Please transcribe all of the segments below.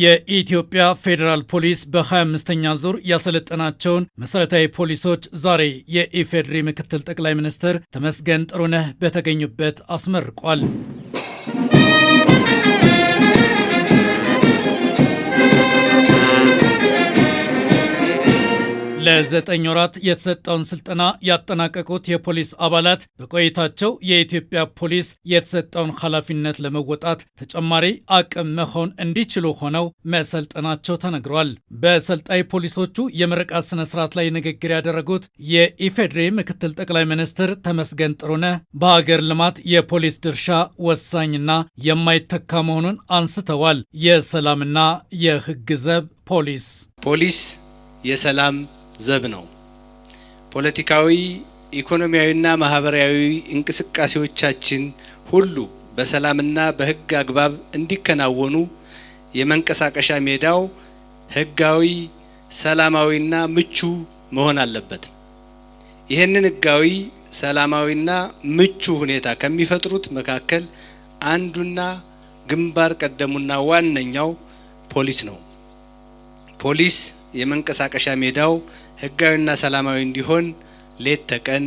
የኢትዮጵያ ፌዴራል ፖሊስ በ25ኛ ዙር ያሰለጠናቸውን መሠረታዊ ፖሊሶች ዛሬ የኢፌዴሪ ምክትል ጠቅላይ ሚኒስትር ተመስገን ጥሩነህ በተገኙበት አስመርቋል። ለዘጠኝ ወራት የተሰጠውን ስልጠና ያጠናቀቁት የፖሊስ አባላት በቆይታቸው የኢትዮጵያ ፖሊስ የተሰጠውን ኃላፊነት ለመወጣት ተጨማሪ አቅም መሆን እንዲችሉ ሆነው መሰልጠናቸው ተነግሯል። በሰልጣኝ ፖሊሶቹ የምረቃ ስነ ስርዓት ላይ ንግግር ያደረጉት የኢፌዴሪ ምክትል ጠቅላይ ሚኒስትር ተመስገን ጥሩነህ በሀገር ልማት የፖሊስ ድርሻ ወሳኝና የማይተካ መሆኑን አንስተዋል። የሰላምና የሕግ ዘብ ፖሊስ ፖሊስ የሰላም ዘብ ነው። ፖለቲካዊ፣ ኢኮኖሚያዊና ማህበራዊ እንቅስቃሴዎቻችን ሁሉ በሰላምና በህግ አግባብ እንዲከናወኑ የመንቀሳቀሻ ሜዳው ህጋዊ ሰላማዊና ምቹ መሆን አለበት። ይህንን ህጋዊ ሰላማዊና ምቹ ሁኔታ ከሚፈጥሩት መካከል አንዱና ግንባር ቀደሙና ዋነኛው ፖሊስ ነው። ፖሊስ የመንቀሳቀሻ ሜዳው ህጋዊና ሰላማዊ እንዲሆን ሌት ተቀን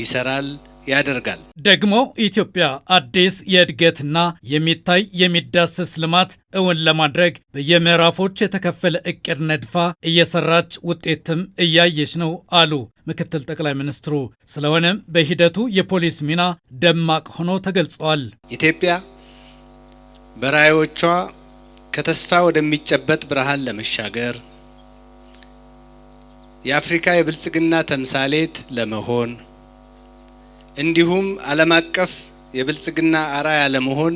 ይሰራል ያደርጋል። ደግሞ ኢትዮጵያ አዲስ የእድገትና የሚታይ የሚዳሰስ ልማት እውን ለማድረግ በየምዕራፎች የተከፈለ እቅድ ነድፋ እየሰራች ውጤትም እያየች ነው አሉ ምክትል ጠቅላይ ሚኒስትሩ። ስለሆነም በሂደቱ የፖሊስ ሚና ደማቅ ሆኖ ተገልጸዋል። ኢትዮጵያ በራዕዮቿ ከተስፋ ወደሚጨበጥ ብርሃን ለመሻገር የአፍሪካ የብልጽግና ተምሳሌት ለመሆን እንዲሁም ዓለም አቀፍ የብልጽግና አራያ ለመሆን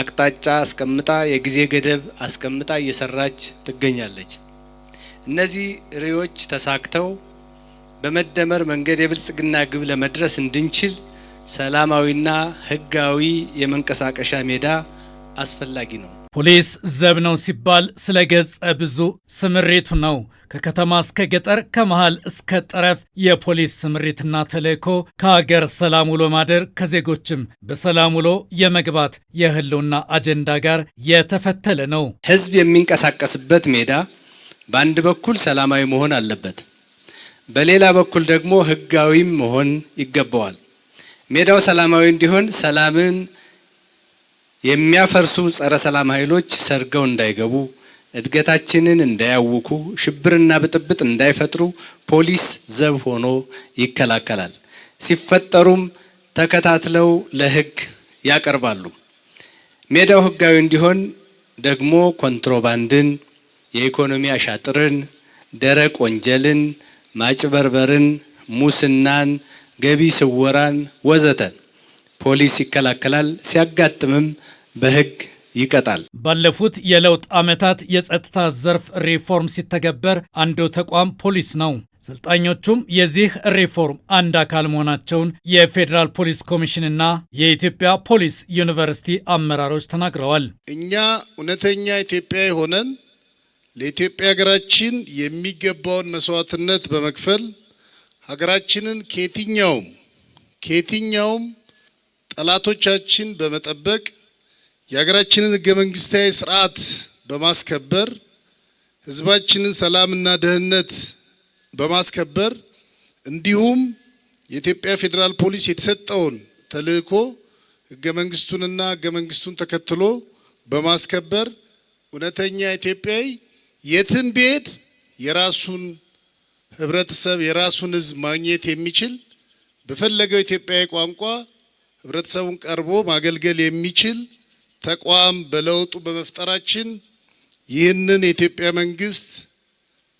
አቅጣጫ አስቀምጣ የጊዜ ገደብ አስቀምጣ እየሰራች ትገኛለች። እነዚህ ሪዎች ተሳክተው በመደመር መንገድ የብልጽግና ግብ ለመድረስ እንድንችል ሰላማዊና ሕጋዊ የመንቀሳቀሻ ሜዳ አስፈላጊ ነው። ፖሊስ ዘብ ነው ሲባል ስለ ገጸ ብዙ ስምሪቱ ነው። ከከተማ እስከ ገጠር ከመሃል እስከ ጠረፍ የፖሊስ ስምሪትና ተልእኮ ከሀገር ሰላም ውሎ ማደር ከዜጎችም በሰላም ውሎ የመግባት የህልውና አጀንዳ ጋር የተፈተለ ነው። ህዝብ የሚንቀሳቀስበት ሜዳ በአንድ በኩል ሰላማዊ መሆን አለበት፣ በሌላ በኩል ደግሞ ህጋዊም መሆን ይገባዋል። ሜዳው ሰላማዊ እንዲሆን ሰላምን የሚያፈርሱ ጸረ ሰላም ኃይሎች ሰርገው እንዳይገቡ፣ እድገታችንን እንዳያውኩ፣ ሽብርና ብጥብጥ እንዳይፈጥሩ ፖሊስ ዘብ ሆኖ ይከላከላል። ሲፈጠሩም ተከታትለው ለህግ ያቀርባሉ። ሜዳው ህጋዊ እንዲሆን ደግሞ ኮንትሮባንድን፣ የኢኮኖሚ አሻጥርን፣ ደረቅ ወንጀልን፣ ማጭበርበርን፣ ሙስናን፣ ገቢ ስወራን ወዘተን። ፖሊስ ይከላከላል፣ ሲያጋጥምም በህግ ይቀጣል። ባለፉት የለውጥ ዓመታት የጸጥታ ዘርፍ ሪፎርም ሲተገበር አንዱ ተቋም ፖሊስ ነው። ሰልጣኞቹም የዚህ ሪፎርም አንድ አካል መሆናቸውን የፌዴራል ፖሊስ ኮሚሽንና የኢትዮጵያ ፖሊስ ዩኒቨርሲቲ አመራሮች ተናግረዋል። እኛ እውነተኛ ኢትዮጵያ የሆነን ለኢትዮጵያ ሀገራችን የሚገባውን መስዋዕትነት በመክፈል ሀገራችንን ከየትኛውም ከየትኛውም ጠላቶቻችን በመጠበቅ የሀገራችንን ህገ መንግስታዊ ስርዓት በማስከበር ህዝባችንን ሰላምና ደህንነት በማስከበር እንዲሁም የኢትዮጵያ ፌዴራል ፖሊስ የተሰጠውን ተልዕኮ ህገ መንግስቱንና ህገ መንግስቱን ተከትሎ በማስከበር እውነተኛ ኢትዮጵያዊ የትም ቤድ የራሱን ህብረተሰብ የራሱን ህዝብ ማግኘት የሚችል በፈለገው ኢትዮጵያዊ ቋንቋ ህብረተሰቡን ቀርቦ ማገልገል የሚችል ተቋም በለውጡ በመፍጠራችን ይህንን የኢትዮጵያ መንግስት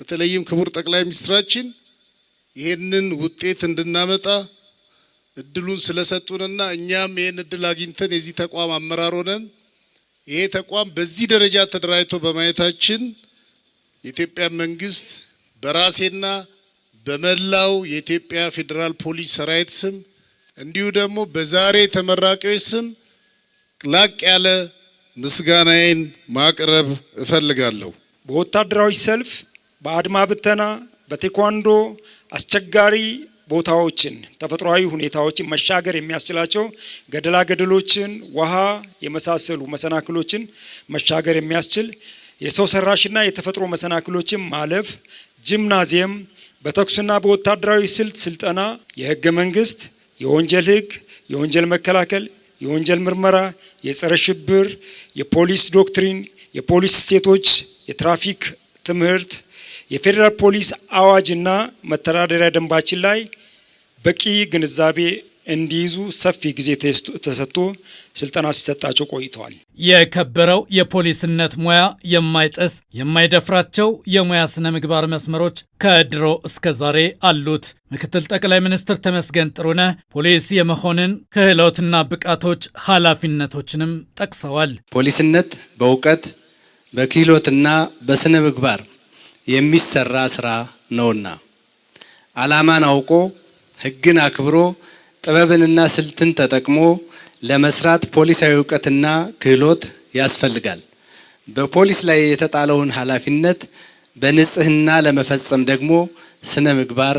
በተለይም ክቡር ጠቅላይ ሚኒስትራችን ይህንን ውጤት እንድናመጣ እድሉን ስለሰጡንና እኛም ይህን እድል አግኝተን የዚህ ተቋም አመራር ሆነን ይሄ ተቋም በዚህ ደረጃ ተደራጅቶ በማየታችን የኢትዮጵያ መንግስት በራሴና በመላው የኢትዮጵያ ፌዴራል ፖሊስ ሰራዊት ስም እንዲሁ ደግሞ በዛሬ ተመራቂዎች ስም ላቅ ያለ ምስጋናዬን ማቅረብ እፈልጋለሁ። በወታደራዊ ሰልፍ፣ በአድማ ብተና፣ በቴኳንዶ አስቸጋሪ ቦታዎችን ተፈጥሯዊ ሁኔታዎችን መሻገር የሚያስችላቸው ገደላ ገደሎችን፣ ውሃ የመሳሰሉ መሰናክሎችን መሻገር የሚያስችል የሰው ሰራሽና የተፈጥሮ መሰናክሎችን ማለፍ፣ ጂምናዚየም በተኩስና በወታደራዊ ስልት ስልጠና፣ የህገ መንግስት የወንጀል ህግ የወንጀል መከላከል፣ የወንጀል ምርመራ፣ የጸረ ሽብር፣ የፖሊስ ዶክትሪን፣ የፖሊስ እሴቶች፣ የትራፊክ ትምህርት፣ የፌዴራል ፖሊስ አዋጅና መተዳደሪያ ደንባችን ላይ በቂ ግንዛቤ እንዲይዙ ሰፊ ጊዜ ተሰጥቶ ስልጠና ሲሰጣቸው ቆይተዋል። የከበረው የፖሊስነት ሙያ የማይጥስ የማይደፍራቸው የሙያ ስነ ምግባር መስመሮች ከድሮ እስከ ዛሬ አሉት። ምክትል ጠቅላይ ሚኒስትር ተመስገን ጥሩነህ ፖሊስ የመሆንን ክህሎትና ብቃቶች ኃላፊነቶችንም ጠቅሰዋል። ፖሊስነት በእውቀት በክህሎትና በስነ ምግባር የሚሰራ ስራ ነውና ዓላማን አውቆ ህግን አክብሮ ጥበብንና ስልትን ተጠቅሞ ለመስራት ፖሊሳዊ እውቀትና ክህሎት ያስፈልጋል። በፖሊስ ላይ የተጣለውን ኃላፊነት በንጽህና ለመፈጸም ደግሞ ስነ ምግባር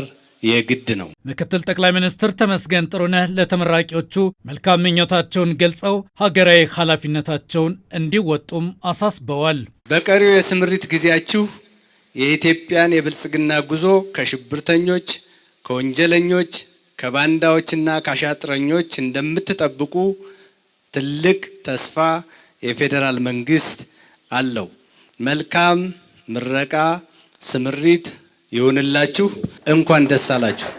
የግድ ነው። ምክትል ጠቅላይ ሚኒስትር ተመስገን ጥሩነህ ለተመራቂዎቹ መልካም ምኞታቸውን ገልጸው ሀገራዊ ኃላፊነታቸውን እንዲወጡም አሳስበዋል። በቀሪው የስምሪት ጊዜያችሁ የኢትዮጵያን የብልጽግና ጉዞ ከሽብርተኞች፣ ከወንጀለኞች ከባንዳዎችና ከአሻጥረኞች እንደምትጠብቁ ትልቅ ተስፋ የፌዴራል መንግስት አለው። መልካም ምረቃ ስምሪት ይሁንላችሁ። እንኳን ደስ አላችሁ።